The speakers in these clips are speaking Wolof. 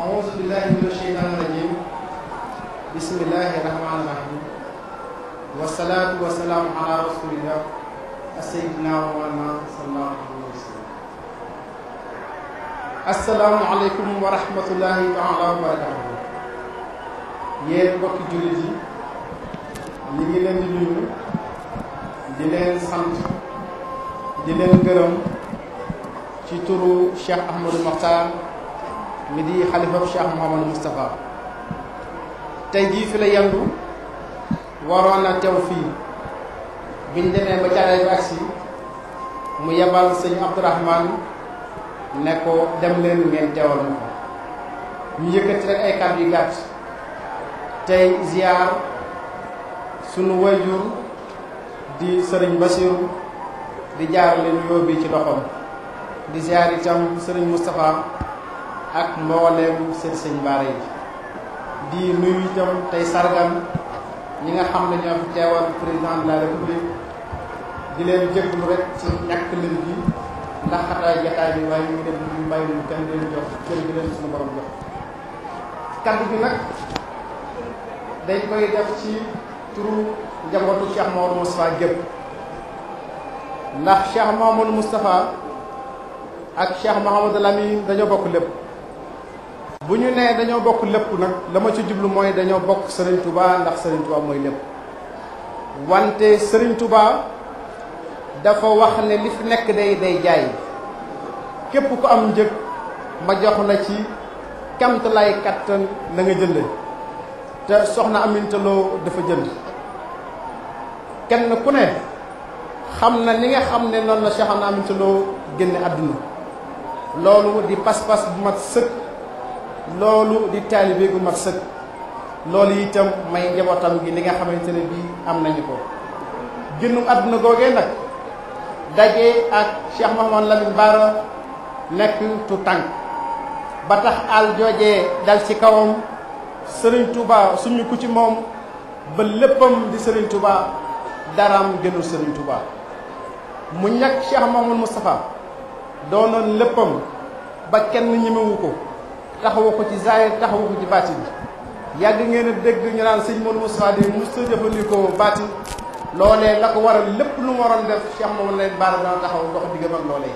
أعوذ بالله من الشيطان الرجيم بسم الله الرحمن الرحيم والصلاة والسلام على رسول الله سيدنا مولانا صلى الله عليه وسلم السلام عليكم ورحمة الله تعالى وبركاته yéen mbokki jullit yi ñu ngi leen di nuyu di leen sant di leen gërëm ci turu Cheikh Ahmadou Makhtar mi di xalifab Cheikh Mouhamadou Moustapha tey jii fi la yendu waroon na tew fii biñ demee ba caalee bi agsi mu yebal sëñ Abdourahman ne ko dem leen ngeen teewal ma ko ñu yëkkati rek ay kàddu yu gàtt tey ziar sunu wayjur di sëriñ Basiru di jaarale nuyoo bi ci loxoom di ziar itam sëriñ Moustapha ak mbooleem seen sëñ baara di nuyu tey sargal ñi nga xam ne ñoo fi teewal président de la di leen jéglu rek ci ñàkk lim bi ndax xataay jataay bi waaye ñu ngi leen ñu bàyyi leen jox cër bi leen nag dañ koy def ci turu njabootu Cheikh Mamadou Moustapha gépp ndax Cheikh Mamadou Moustapha ak Cheikh Mouhamadou Lamine dañoo bokk lépp bu ñu nee dañoo bokk lépp nag la ma ci jublu mooy dañoo bokk Serigne Touba ndax Serigne mooy lépp wante Serigne Touba dafa wax ne li fi nekk day day jaay képp ku am njëg ma jox na ci kamt lay kattan na nga jënd te soxna Aminta Lo dafa jënd kenn ku ne xam na ni nga xam ne noonu la soxna Aminta génne àdduna loolu di pas-pas bu mat sëkk. loolu di taalibe gu mat sëkk loolu itam may njabootam gi li nga xamante ne bii am nañu ko gënu àdduna googee nag dajee ak Cheikh Mouhamadou Lamine Bara nekk tu batax ba àll joojee dal ci kawam Serigne tubaa suñu ku ci moom ba léppam di Serigne Touba daram gënul Serigne Touba mu ñàkk Cheikh Mouhamadou Moustapha doonoon léppam ba kenn ñemewu ko taxawu ko ci zaahir taxawu ko ci baatin yàgg ngeen a dégg ñu naan sëñ Modou Moustapha di mos a jëfandikoo baatin loolee la ko waral lépp lu mu waroon def Cheikh moom leen Baara dana taxaw dox diggam ak loolee.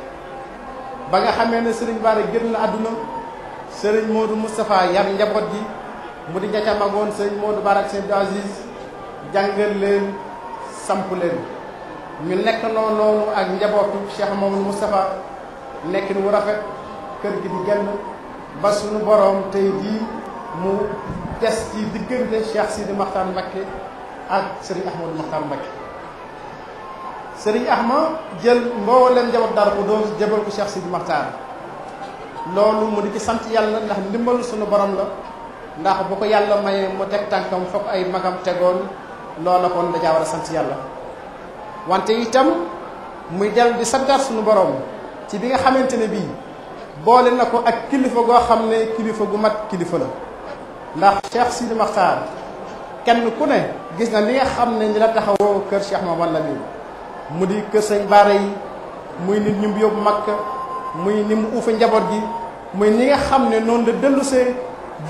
ba nga xamee ne sëriñ Baara génn na àdduna sëriñ Modou Moustapha yar njaboot gi mu di njëkk a magoon sëriñ Modou Baara ak sëriñ Aziz jàngal leen samp leen ñu nekk noonu noonu ak njabootu Cheikh Mamadou Moustapha nekk ni wu rafet kër gi di genn. ba sunu boroom tey jii mu des ci diggante Cheikh Sidi Makhtar Mbacké ak Serigne Ahmadou Makhtar Mbacké Serigne Ahma jël mboolem njaboot dara ko doon jëbal ko Cheikh Sidi Makhtar loolu mu di ci sant yàlla ndax ndimbalu suñu borom la ndax boo ko yàlla mayee mu teg tànkam foog ay magam tegoon loola kon dajaa war a sant yàlla wante itam muy dellu di santaat suñu borom ci bi nga xamante ne bii boole na ko ak kilifa goo xam ne kilifa gu mag kilifa la ndax Cheikh Sidi Maxtaar kenn ku ne gis na ni nga xam ne ni la taxawoo kër Cheikh Mamadou Lamine mu di kër sëñ Baara yi muy nit ñu yóbbu Makka muy ni mu uufe njaboot gi muy ni nga xam ne noonu la dellusee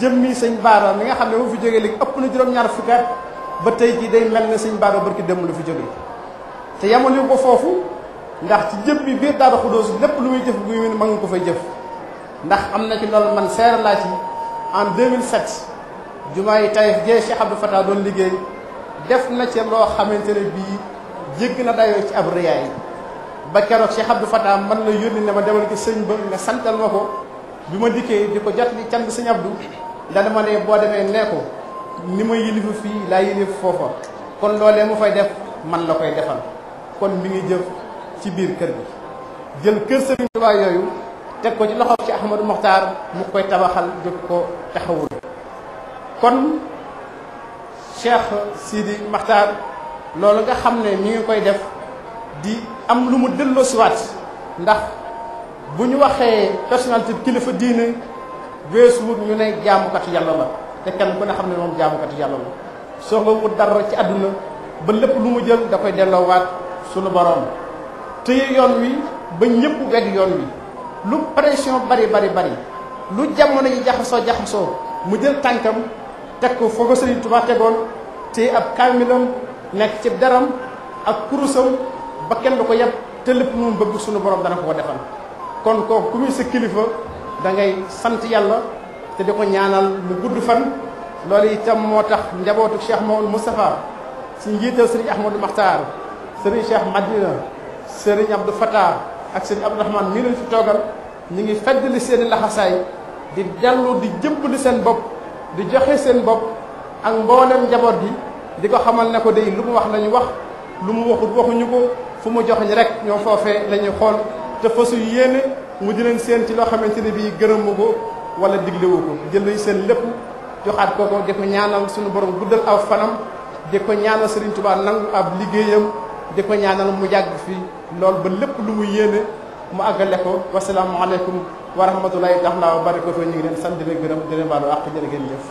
jëmmi sëñ Baara mi nga xam ne bu fi jógee léegi ëpp na juróom-ñaar fukki ba tey jii day mel ne sëñ Baara barki dem lu fi jógee te yamaluñu ko foofu ndax ci bi biir Daaru Xuddoos lépp lu muy jëf gu ma nga ko fay jëf. ndax am na ci lool man seer laa ci en 2007 jumaa yi Taïf jee Cheikh Abdou fata doon liggéey def na ci loo xamante ne bii jégg na dayoo ci ab riyaay ba keroog Cheikh Abdou fata man la yónni ne ma demal ci sëñ ba nga santal ma ko bi ma dikkee di ko jot li can sëñ Abdou dana ma ne boo demee nee ko ni ma yilifu fii laa yilif foofa kon loolee mu fay def man la koy defal kon mi ngi jëf ci biir kër gi jël kër Sëriñ yooyu teg ko ci loxo Ahmadou Mokhtar mu koy tabaxal jóg ko taxawul kon Cheikh Sidi Mokhtar loolu nga xam ne mi ngi koy def di am lu mu dëlloo siwaat ndax bu ñu waxee personnalité kilifa diine weesu wut ñu ne jaamukatu yàlla la te kenn ku ne xam ne moom jaamukatu yàlla la soo nga wut dara ci àdduna ba lépp lu mu jël da koy delloowaat sunu boroom téye yoon wi ba ñëpp wegg yoon wi lu pression bari bari bari lu jamono yi jaxasoo jaxasoo mu jël tànkam teg ko foo ko Sëriñ tegoon te ab kaamilam nekk ci daram ak kurusam ba kenn du ko yeb te lépp mu bëgg suñu borom dana ko defal kon kooku ku muy sa kilifa da ngay sant yàlla te di ko ñaanal mu gudd fan loolu tam moo tax njabootu Cheikh Maodo Moustapha si njiital Sëriñ Ahmadou Makhtar Sëriñ Cheikh Madina Sëriñ Abdou Fatah ak sëñ Abdourahmane mii lañ fi toogal ñu ngi feddali seen i laxasaay di dellu di jëmbali seen bopp di joxe seen bopp ak mboolem njaboot bi di ko xamal ne ko day lu mu wax lañu wax lu mu waxut waxuñu ko fu mu joxeñ rek ñoo foofee la ñuy xool te fasu yéene mu di leen seen ci loo xamante ne bii gërëmu ko wala diglewu ko jël nañ seen lépp joxaat ko ko di ko ñaanal suñu borom guddal aw fanam di ko ñaanal Serigne Touba nangu ab liggéeyam di ko ñaanal mu jàgg fi lool ba lépp lu mu yéene mu àggale ko wasalaamualeykum wa a taala wa barakatu ñu ngi leen sant di leen gërëm di leen baalu àq jërë ngeen jëf